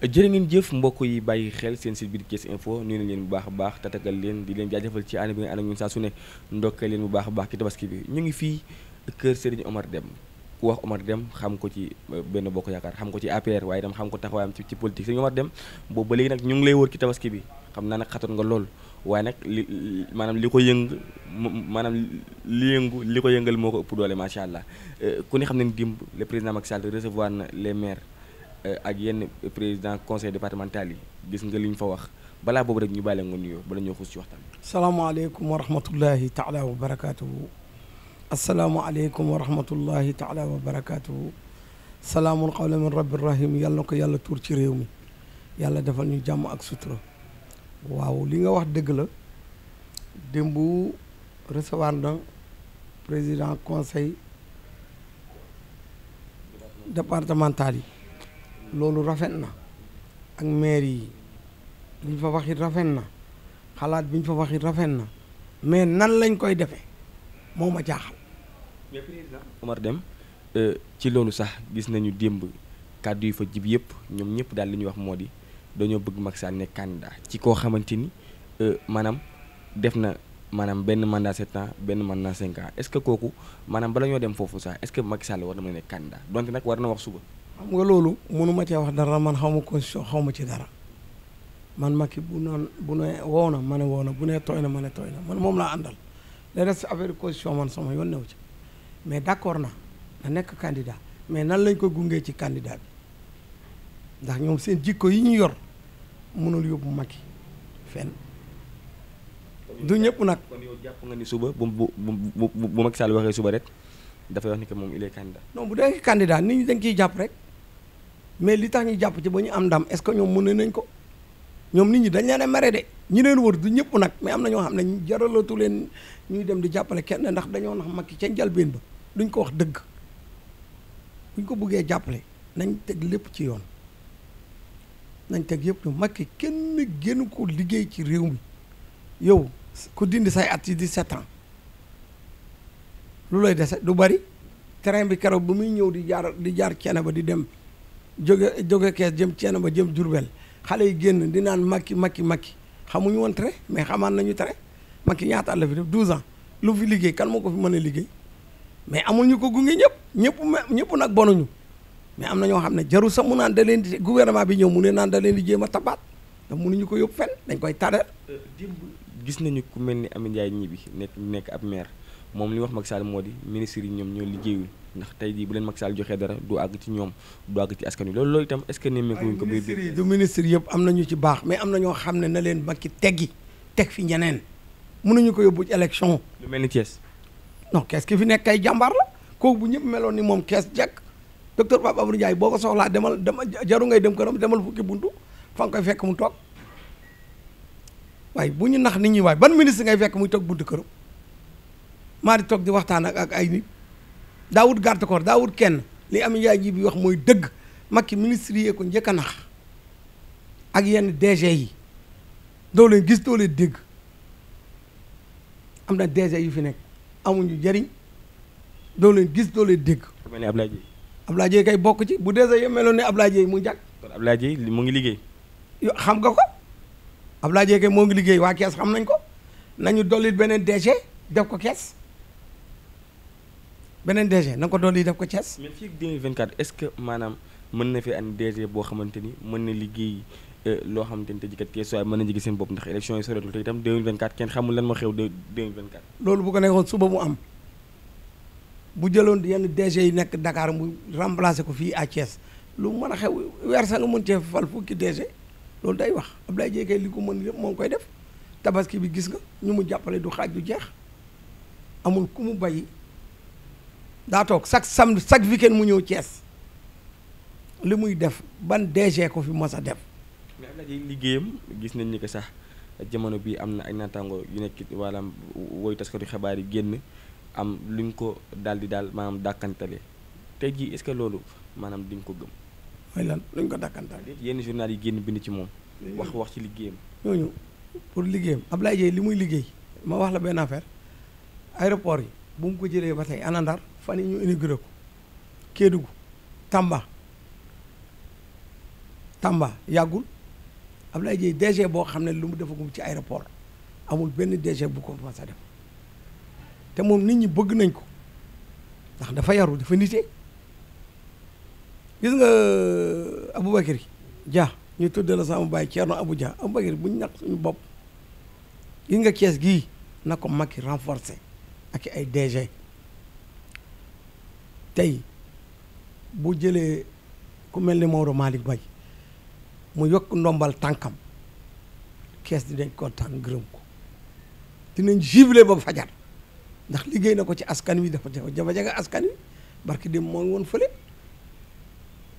jërë ngeen jëf mbokk yi bàyyi xel seen site bi di Thiès Info nuyu nañ leen bu baax a baax tatagal leen di leen jaajëfal ci ànd bi nga ànd ak ñun saa su ne ndokkee leen bu baax a baax ci tabaski bi ñu ngi fii kër Serigne Omar dem ku wax Omar dem xam ko ci euh, benn bokk yaakaar xam ko ci APR waaye itam xam ko taxawaayam ci ci politique Serigne Omar Deme boobu ba léegi nag ñu ngi lay wër ci tabaski bi xam naa nag xatoon nga lool waaye nag li maanaam li ko yëng maanaam li yëngu li ko yëngal moo ko ëpp doole macha allah euh, ku ne xam ne dimb le président Macky Sall recevoir na les maires ak yenn président conseil départemental yi gis nga li ñu fa wax balaa boobu rek ñu bàyyi la nga nuyoo bala ñoo xuus ci waxtaan bi. salaamaaleykum wa rahmatullahi taala wa barakaatuhu. aleykum wa rahmatullahi taala wa barakaatuhu. salaamun qawlan min rabbir rahim yàlla na ko yàlla tuur ci réew mi yàlla defal ñu jàmm ak sutura. waaw li nga wax dëgg la démb recevoir na président conseil départemental yi. loolu rafet na ak maire yi liñ fa wax it rafet na xalaat biñ fa wax it rafet na mais nan lañ koy defee moom a jaaxal. mais président Omar Deme euh, ci loolu sax gis nañu démb kàddu yu fa jib yëpp ñoom ñëpp daal li ñuy wax moo di dañoo bëgg Macky Sall nekk candidat ci koo xamante ni euh, maanaam def na maanaam benn mandat sept ans benn mandat cinq ans ce que kooku maanaam bala ñoo dem foofu sax est-ce que Macky war na mën a nekk candidat donte nag war na wax suba. xam nga loolu mënu ma cee wax dara man xaw ma constitution xaw ma ci dara man Macky bu noon bu ne na ma ne woo na bu ne tooy na ma ne tooy na man moom laa àndal le reste affaire constitution man sama yoon new ci mais d'accord na na nekk candidat mais nan lañ ko gungee ci candidat bi ndax ñoom seen jikko yi ñu yor mënul yóbbu Macky fenn du ñëpp nag jàpp nga ni suba bu bu bu bu Macky Sall waxee suba rek dafay wax ni moom il est candidat non dee candidat nit ñi dañ ciy jàpp rek mais li tax ñu jàpp ci ba ñu am ndam est-ce que ñoom mën nañ ko ñoom nit ñi dañ leen a mere de ñi leen wër du ñëpp nag mais am na ñoo xam ne jaralatu leen ñuy dem di jàppale kenn ndax dañoo nax Macky ca njalbeen ba duñ ko wax dëgg buñ ko buggee jàppale nañ teg lépp ci yoon nañ teg yëpp ñu Macky kenn génn ko liggéey ci réew mi yow ku dindi say at yi set ans lu lay dese du bari terrain bi keroog bu muy ñëw di jaar di jaar ceene ba di dem jóge jóge kees jëm ceena ba jëm jurbel xale yi génn di naan makki makki makki xamuñu woon tere mais xamaan nañu tere makki ñaata at la fi def 12 ans lu fi liggéey kan moo ko fi mën a liggéey mais amul ñu ko gunge ñëpp ñëpp ñëpp nag bonuñu mais am na ñoo xam ne jarul sax mu naan da leen di gouvernement bi ñëw mu ne naan da leen di jéem a tabaat ndax mënuñu ko yóbbu fenn dañ koy tadal. Euh, démb gis nañu ku mel ni ami Ndiaye ñii bi nekk nekk ab maire. moom li wax Macky Sall moo di ministre yi ñoom ñoo liggéeyul ndax tey jii bu leen Macky Sall joxee dara du àgg ci ñoom du àgg ci askan wi loolu loolu itam est-ce que nemmeeku wuñ ko biir ministre yi du ministre yëpp am na ñu ci baax mais am na ñoo xam ne na leen Macky teggi teg fi ñeneen mënuñu ko yóbbu ci élection lu mel ni Thiès non kees ki fi nekk kay jàmbaar kooku bu meloon ni moom kees jekk docteur Pape Abdou Ndiaye boo ko soxlaa demal demal jaru ngay dem këram demal fukki buntu fa nga koy fekk mu toog waaye bu ñu nax nit ñi waaye ban ministre ngay fekk muy toog buntu këram maa di toog di waxtaan ak ak ay nit daawut garde corps daawut kenn li am yaay ji bi wax mooy dëgg makki ministre yi ko njëkk a nax ak yenn DG yi doole leen gis doo leen dégg am na DG yu fi nekk amuñu jariñ doo gis doo dégg. ku mel ne Abdoulaye Dieye. kay bokk ci bu DG yi meloon ne Abdoulaye Dieye mu jàkk. kon Abdoulaye Dieye mu ngi liggéey. yo xam nga ko Abdoulaye Dieye moo ngi liggéey waa kees xam nañ ko nañu dollit beneen DG def ko kees. beneen DG na ko doon di def ko Thiès. mais fii 2024 est-ce que maanaam mën na fi an DG boo xamante ni mën na liggéey euh, loo xamante ni te jikat kees waaye mën na jigi seen bopp ndax élection yi soreetul te itam 2024 kenn xamul lan moo xew 2024. loolu bu ko nekkoon suba mu am bu jëloon yenn DG yi nekk Dakar mu remplacer ko fii à Thiès lu mën a xew weer sa nga mën cee fal fukki DG loolu day wax Abdoulaye Dieye kay li ko mën yëpp moo ngi koy def tabaski bi gis nga ñu mu jàppale du xaaj du jeex ku mu bàyyi. daa toog chaque samedi chaque weekend mu ñëw Thiès li muy def ban DG ko fi mos a def. mais liggéeyam gis nañ ni que sax jamono bi am na ay naataango yu nekk wala woy taskatu xabaar yi génn am luñ ko daal di daal maanaam dàkkantale tey jii est-ce que loolu maanaam duñ ko gëm. mooy lan luñ ko dàkkantale. yenn journal yi génn bind ci moom. wax wax ci liggéeyam. ñooñu pour liggéeyam Ablaye Dieye li muy liggéey ma wax la benn affaire aéroport yi bu mu ko jëlee ba tey ana fan ñu ñu inauguré ko Kédougou Tamba Tamba yàggul Abdoulaye Dièye DG boo xam ne lu mu defagum ci aéroport amul benn DG bu ko commencé def te moom nit ñi bëgg nañ ko ndax dafa yaru dafa nite gis nga euh, Aboubacry Dia ñu tuddee la sama baay Thierno Abou Dia Aboubacry bu ñu naq suñu bopp gis nga kees gii na ko Macky renforcer ak ay DG tey bu jëlee ku mel ni Maodo Malick bay mu yokk ndombal tànkam kees di dinañ kontaan gërëm ko dinañ jubilé ba fajar ndax liggéey na ko ci askan wi dafa jafe jafe askan wi barki dem moo ngi woon fële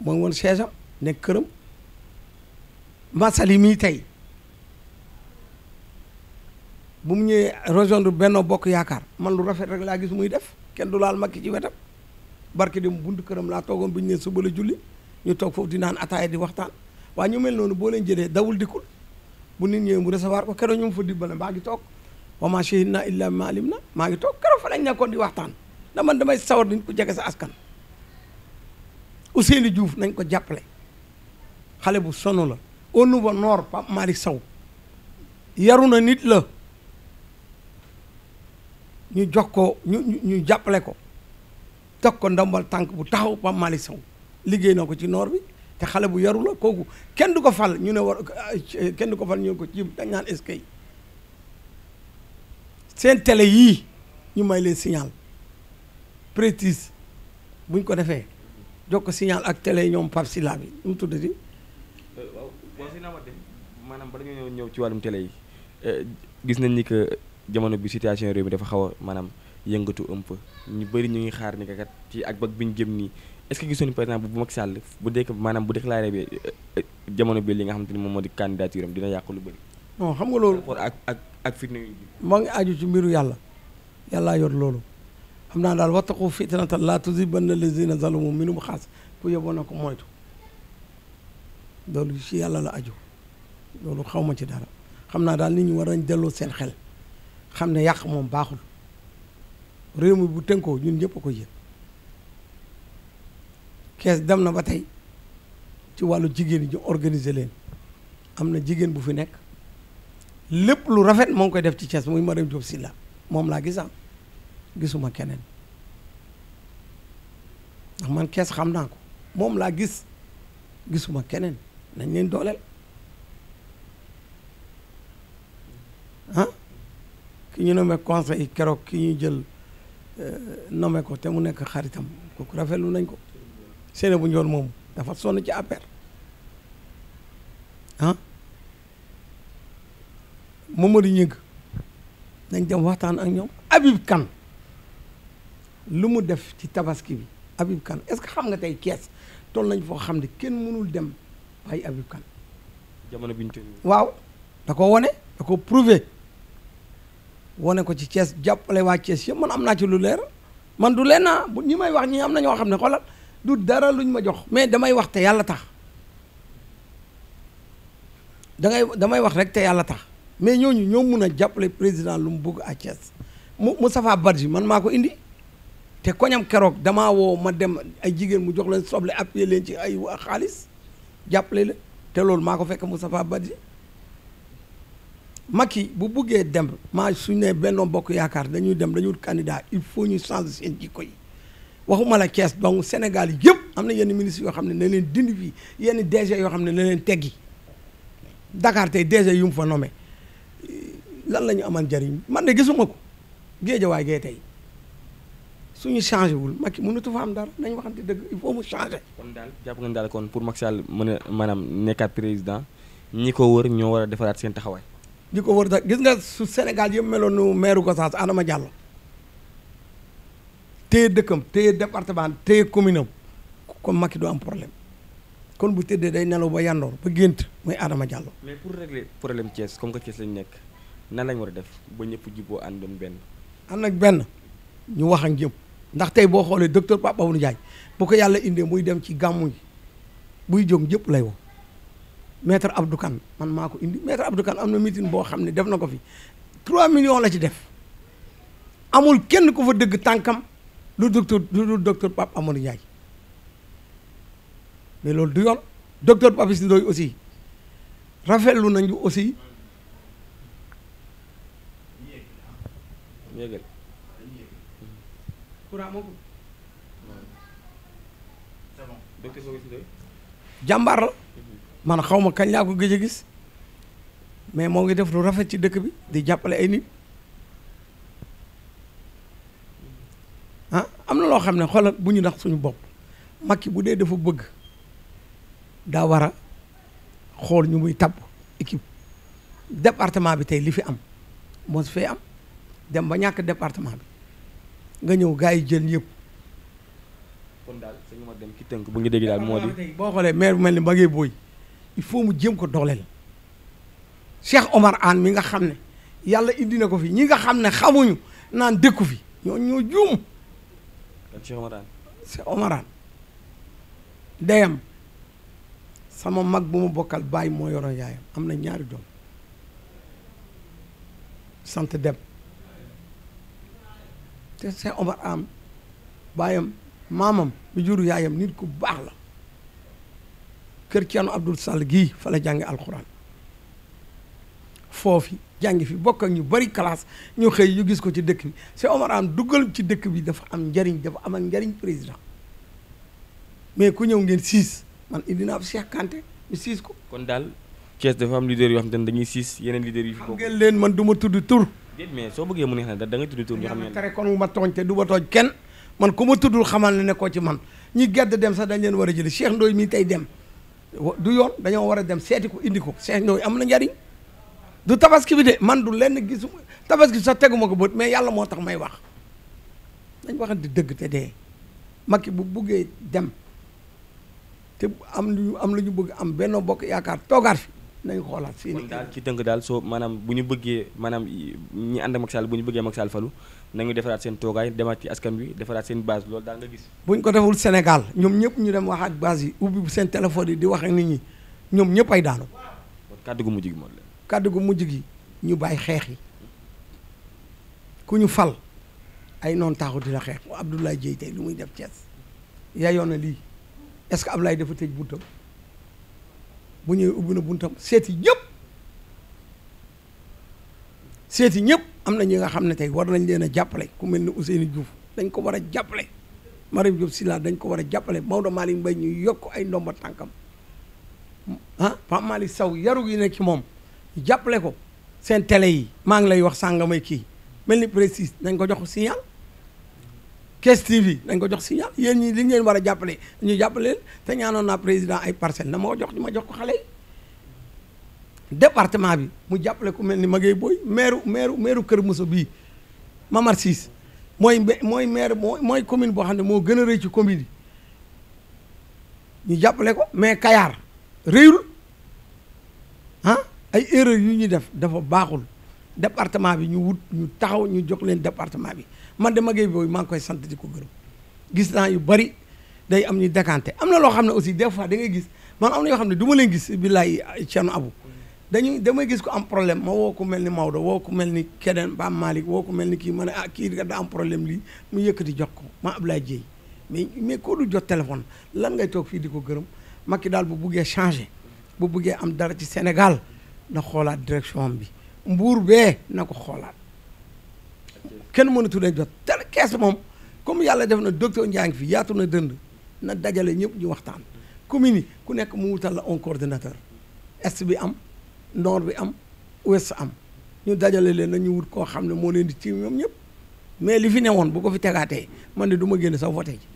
moo ngi woon seesam nekk këram masali mii tey bu mu ñëwee région de Benno Bokk Yaakaar man lu rafet rek laa gis muy def kenn du laal makki ci wetam barke dem buntu këram laa toogoon bu ñu ne suba la julli ñu toog foofu di naan ataaya di waxtaan waaye ñu mel noonu boo leen jëlee dawul dikkul bu nit ñëwee mu recevoir ko keroog ñu mu fa dimbale maa ngi toog wa maa shahidnaa illaa maa ngi toog keroog fa lañ nekkoon di waxtaan na man damay sawar nañ ko jege sa askan Ousseynou juuf nañ ko jàppale xale bu sonn la au nouveau nord Pape Malick saw yaru na nit la ñu jox ko ñu ñu jàppale ko teg ko ndombal tànk bu taxaw Pape Malick Sow liggéey na ko ci noor bi te xale bu yaru la kooku kenn du ko fal ñu ne war kenn du ko fal ñu ne ko ci dañ naan seen télé yii ñu may leen signal prétise buñ ko defee jox ko signal ak télé ñoom Pape Silla bi nu mu tuddati. Euh, waaw waaw si naa maanaam bala ñoo ñëw ci wàllum télé yi euh, gis nañ ni que jamono bi situation réew mi dafa xaw a maanaam. yëngatu un peu ñu bëri ñu ngi xaar ni kat ci ak bag bi ñu jëm nii est-ce que gisoon par exemple bu Macky Sall bu dee maanaam bu déclaré bi euh, euh, jamono bi li nga xamante ni moom moo di candidature am dina yàq lu bëri. non xam nga loolu ak ak ak fitna moo ngi aju ci mbiru yàlla yàllaa yor loolu xam naa daal wattaqu fitnatan laa na tusiibanna llaziina zalamu minkum xaas ku yóbboo na ko moytu loolu ci yàlla la aju loolu xaw ma ci dara xam naa daal nit ñi war a delloo seen xel xam ne yàq moom baaxul. réew mi bu tënkoo ñun ñëpp ko yëg kees dem na ba tey ci wàllu jigéen yi ñu organiser leen am na jigéen bu fi nekk lépp lu rafet moo ngi koy def ci Thiès muy Mariam si la moom laa gis ah. gisuma keneen ndax man kees xam naa ko moom laa gis gisuma keneen nañ leen dooleel ah ki ñu ne nommé conseil keroog ki ñuy jël Euh, nommé ko te mu nekk xaritam kooku rafetlu nañ ko séné bu njoon moom dafa sonn ci APR ah Mamadou Ñëng nañ dem waxtaan ak ñëw Habib Kane lu mu def ci tabaski bi Habib kan est-ce que xam nga tey kees toll nañ foo xam ne kenn mënul dem bàyyi Habib Kane jamono bi ñu waaw da ko wone da ko prouver wane ko ci cees jàppale waa Thiès yëpp man am naa ci lu leer man du leen naa bu ñi may wax ñi am na ñoo xam ne xoolal du dara lu ñu ma jox mais damay wax te yàlla tax dangay damay wax rek te yàlla tax mais ñooñu ñoo mun a jàppale président lu mu bugg à Thiès mu Moustapha Badji man maa ko indi te koñam keroog dama woo ma dem ay jigéen mu jox leen soble appuyer leen ci ay xaalis jàppale la te loolu maa ko fekk Moustapha Badji Macky bu buggee dem maa suñ ne Benno Bokk Yaakaar dañuy dem dañu wut candidat il faut ñu changer seen jikko yi waxuma la Thiès donc Sénégal yëpp am na yenn ministre yoo xam ne na leen dindi fii yenn DG yoo xam ne na leen teggi Dakar tey DG yu mu fa nommé lan la ñu amal njëriñ man de gisuma ko géejawaay gee tey suñu changé wul Macky mënatu fa am dara nañ waxante dëgg il faut mu changé. kon daal jàpp nga daal kon pour Macky Sall mën a maanaam nekkaat président ñi ko wër ñoo war a defaraat seen taxawaay. ñi ko wër gis nga su Sénégal yëpp meloon nu maire Gossas Adama Diallo téye dëkkam téye departement téye commune am kon Macky du am problème kon bu tëddee day nelaw ba yandoor ba gént muy Adama Diallo. mais pour régler problème Thiès comme que Thiès lañ nekk nan lañ war def ba ñëpp juboo ànd benn. ànd ak benn ñu wax ak ndax tey boo xoolee docteur Pape Abdou Ndiaye bu ko yàlla indee muy dem ci gàmmu gi buy jóg ñëpp lay wax. maître Abdou Kane man maako ko indi maître Abdou Kane am na meeting boo xam ne def na ko fi 3 millions la ci def amul kenn ku fa dëgg tànkam lu docteur lu docteur Pape Amadou Ndiaye mais loolu du yoon docteur Pape Issi Ndoye aussi rafetlu nañu aussi. jàmbaar man xaw ma kañ laa ko gëj gis mais moo ngi def lu rafet ci dëkk bi di jàppale ay nit ah am na loo xam ne xoolal bu ñu nax suñu bopp Macky bu dee dafa bëgg daa war a xool ñu muy tabb équipe département bi tey li fi am moo su fee am dem ba ñàkk département bi nga ñëw gars yi jël yëpp. kon daal sëñ ma dem ci tënk bu ñu déggee daal moo di. boo xoolee mee bu mel ni Mbaye Boye. il faut mu jéem ko dooleel Cheikh Omar Anne mi nga xam ne yàlla indi na ko fi ñii nga xam ne xamuñu naan dëkku fi ñoo ñoo juum. Cheikh Omar Anne Cheikh sama mag bu mu bokkal baay moo yoroon yaayam am na ñaari doom sant dem te Cheikh Omar Anne baayam maamam mu juru yaayam nit ku baax la kër Thierno Abdoul Sall gii fa la jànge alxuraan foofi jàngi fi bokk ak ñu bari classe ñu xëy ñu gis ko ci dëkk bi c'est Omar am dugal ci dëkk bi dafa am njariñ dafa am ak njariñ président mais ku ñëw ngeen siis man indi naa Cheikh Kanté ñu siis ko. kon daal Thiès dafa am leader yoo xam te ne dañuy siis yeneen leader yi. xam ngeen leen man du ma tudd tur. déet mais soo bëggee mu neex na tudd tur. ñu xam ne tere kon ma tooñ te ma tooñ kenn man ku ma tuddul xamal ne nekkoo ci man ñi gedd dem sax dañ leen war a jël Cheikh Ndoye mii tey dem. du yoon dañoo war a dem seeti ko indi ko seet ñooyu am na njariñ du tabaski bi de man du lenn gisu tabaski sax teguma ko bët mais yàlla moo tax may wax dañ waxante dëgg te dee Macky bu buggee dem te am lu am lu ñu bëgg am benn bokk yaakaar toogaat fi nañ xoolaat seen daal ci tënk daal soo maanaam bu ñu bëggee maanaam ñi ànd ak bu ñu buggee Macky falu nañu defaraat seen toogaay demaat ci askan wi defaraat seen base loolu daal nga gis. buñ ko deful Sénégal ñoom ñëpp ñu dem ak base yi ubbi seen téléphone yi di wax ak nit ñi ñoom ñëpp ay daanu. kàddu gu mujj gi moo leen. kàddu gu mujj gi ñu bàyyi xeex yi ku ñu fal ay noon taaxu di la xeex Abdoulaye Dieye tey lu muy def Thiès yaayoon na lii est-ce que Ablaye dafa tëj buntam bu ñëwee ubbi na buntam seeti ñëpp seeti ñëpp. am na ñi nga xam ne tey war nañ leen a jàppale ku mel ni Ousseynou Diouf dañ ko war a jàppale Mariam Diop Sylla dañ ko war a jàppale Maodo Malick Mbaye ñu yokk ay ndomba tànkam ah Pape Malick Sow yaru gi ne ci moom jàppale ko seen tele yi maa ngi lay wax sàngamay kii mel ni précise nañ ko jox signal Thiès TV nañ ko jox signal yéen ñi li ngeen war a jàppale ñu jàppale leen te ñaanoon naa président ay parcelle na ma ko jox ma jox ko xale yi département bi mu jàppale ko mel ni Maguette Boye maire maire maire Kër Moussa bii Mamar Cissé mooy mooy maire mooy commune boo xam ne moo gën a rëy ci commune yi ñu jàppale ko mais kayaar réyul ah ay erreur yu ñuy def dafa baaxul département bi ñu wut ñu taxaw ñu jox leen département bi man de Maguette Boye maa ngi koy sant di ko gërëm gis naa yu bari day am ñu décanté am na loo xam ne aussi des fois da ngay gis man am na yoo xam ne du ma leen gis billaay Thierno Abou dañuy damay gis ko am problème ma woo ko mel ni Maodo woo ko mel ni keneen Ba Malick woo ko mel ni kii ma ne ah kii da am problème lii mu yëkkati jox ko ma Ablaye Dieye mais mais koo du jot téléphone lan ngay toog fii di ko gërëm Macky daal bu buggee changé bu buggee am dara ci Sénégal na xoolaat direction bi mbuur bee na ko xoolaat kenn mënatu leen jot tel kees moom comme yàlla def na docteur Ndiaye ngi fi yaatu na dënd na dajale ñëpp ñu waxtaan commune yi ku nekk mu la un est bi am nord bi am ouest am ñu dajale leen nañu wut koo xam ne moo leen di ci ñoom ñëpp mais li fi newoon bu ko fi tegaatee man de du ma génn sa vote ji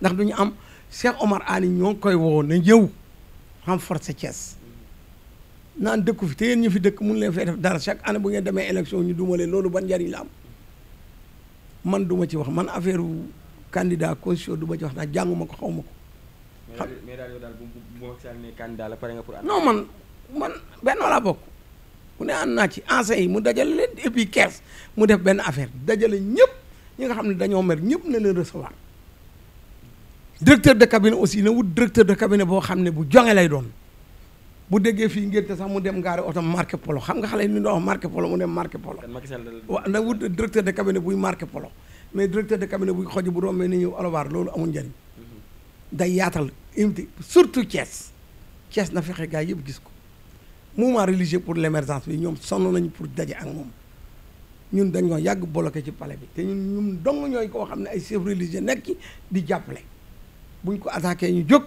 ndax du ñu am Cheikh Omar Anne ñoo ngi koy woo na ñëw naan dëkku te yéen ñu fi dëkk mun leen fee def dara chaque année bu ngeen demee élection ñu duma leen loolu ban la am man duma ci wax man affaire candidat constitution du ma ci wax naa jànguma ko xaw ma ko. xam mais daal yow daal bu bu bu candidat la pare nga pour. man man benn laa bokk mu ne ànd naa ci anciens yi mu dajale leen et puis kees mu def benn affaire dajale ñëpp ñu nga xam ne dañoo mer ñëpp na leen recevoir directeur de cabinet aussi na wut directeur de cabinet boo xam ne bu jonge lay doon bu déggee fii ngénte sax mu dem gaari oto marqué polo xam nga xale yi ñu doon wax marqué polo mu dem marqué polo waaw na wut directeur de cabinet buy marqué polo mais directeur de cabinet buy xoj bu rombee ni ñëw alobaar loolu amul njëriñ mhm. day yaatal unité surtout Thiès Thiès na fexe gaa yëpp gis ko mouvement religieux pour l'émergence bi ñoom sonn nañu pour daje ak moom ñun dañoo yàgg bloqué ci palais bi te ñun ñun dong ñooy koo xam ne ay chef religieux nekk di jàppale buñ ko attaqué ñu jóg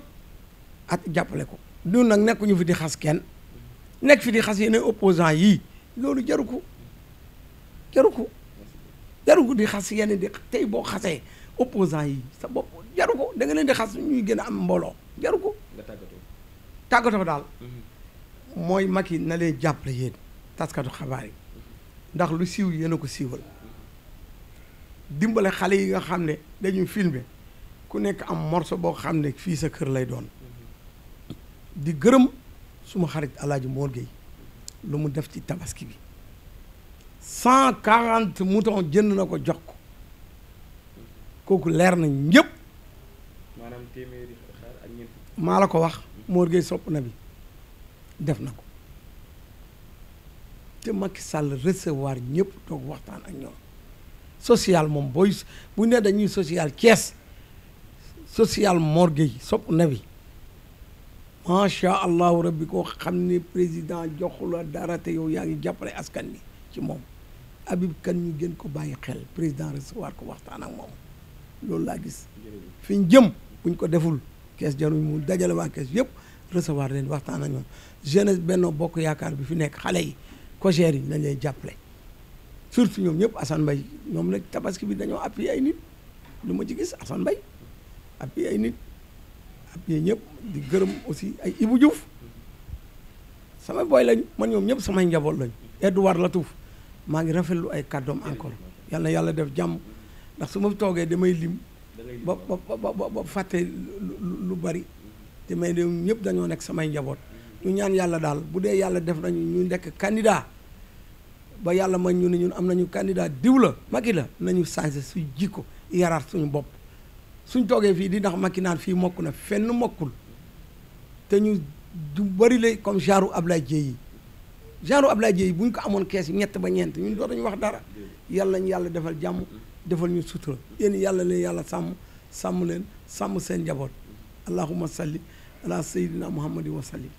at jàppale ko ñun nag nekkuñu fi di xas kenn nekk fi di xas yeneen opposant yii loolu jaru ko jaru ko jaru ko di xas yeneen di tey boo xasee opposant yi sa bopp jaru ko da nga leen di xas ñuy gën a am mbooloo jaru ko nga tàggatoo tàggatoo daal mm-hmm. mooy Macky na leen jàppale yéen taskatu xabaar yi ndax lu siiw yéen a ko siiwal dimbale xale yi nga xam ne dañuy filme ku nekk am morceau boo xam ne fii sa kër lay doon di gërëm suma xarit Alaaji Mor Gueye lu mu def ci tabaski bi cent quarante mouton jënd na ko jox ko kooku leer nañ ñëpp maanaam maa la ko wax Mor Gueye sopp na bi def na ko te Macky Sall recevoir ñëpp toog waxtaan ak ñoom social moom booy bu ne dañuy social kees social morgue yi sopp na bi macha allahu rabbi koo xam ni président joxula dara te yaa ngi jàppale askan bi ci moom Habib kan ñu gën ko bàyyi xel président recevoir ko waxtaan ak moom loolu laa gis fi ñu jëm buñ ko deful kees jaruñ mu dajale waa kees yëpp recevoir leen waxtaan ak ñoom jeunesse Benno Bokk Yaakaar bi fi nekk xale yi cogère yi nañ leen jàppale surtout ñoom ñëpp Assane Mbaye ñoom la tabaski bi dañoo appuyé ay nit lu ma ci gis Assane Mbaye ay nit appuyé ñëpp di gërëm aussi ay Ibou Diouf sama booy lañ man ñoom ñëpp samay njaboot lañ Edouard Latouf maa ngi rafetlu ay kàddoom encore yàlla yàlla def jàmm ndax su ma toogee damay lim ba ba ba ba fàtte lu bari te may ñëpp dañoo nekk samay njaboot ñu ñaan yàlla daal bu dee yàlla def nañu ñu nekk candidat ba yàlla ma ñu ne ñun am nañu candidat diw la Macky la nañu changé su jikko yaraat suñu bopp suñ toogee fii di ndax Macky naan fii mokk na fenn mokkul te ñu du bëri la comme genre Ablaye Dieye yi genre Ablaye Dieye yi bu ñu ko amoon kees ñett ba ñeent ñu ñun dootuñu wax dara yàlla ñu yàlla defal jàmm defal ñu sutura yéen yàlla leen yàlla sàmm sàmm leen sàmm seen njaboot allahumma salli ala sayyidina muhammadin wa sallim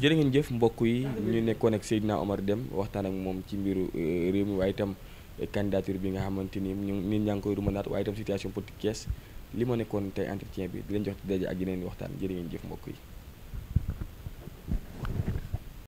jërë ngeen jëf mbokk yi ñu nekkoon ak Seydina Omar dem waxtaan ak moom ci mbiru euh, réew mi waaye itam euh, candidature bi nga xamante ni ñu nit ñaa ngi koy rumandaat waaye itam situation politique Thiès li ma nekkoon tey entretien bi di leen jox di daje ak yeneen waxtaan jërë ngeen jëf mbokk yi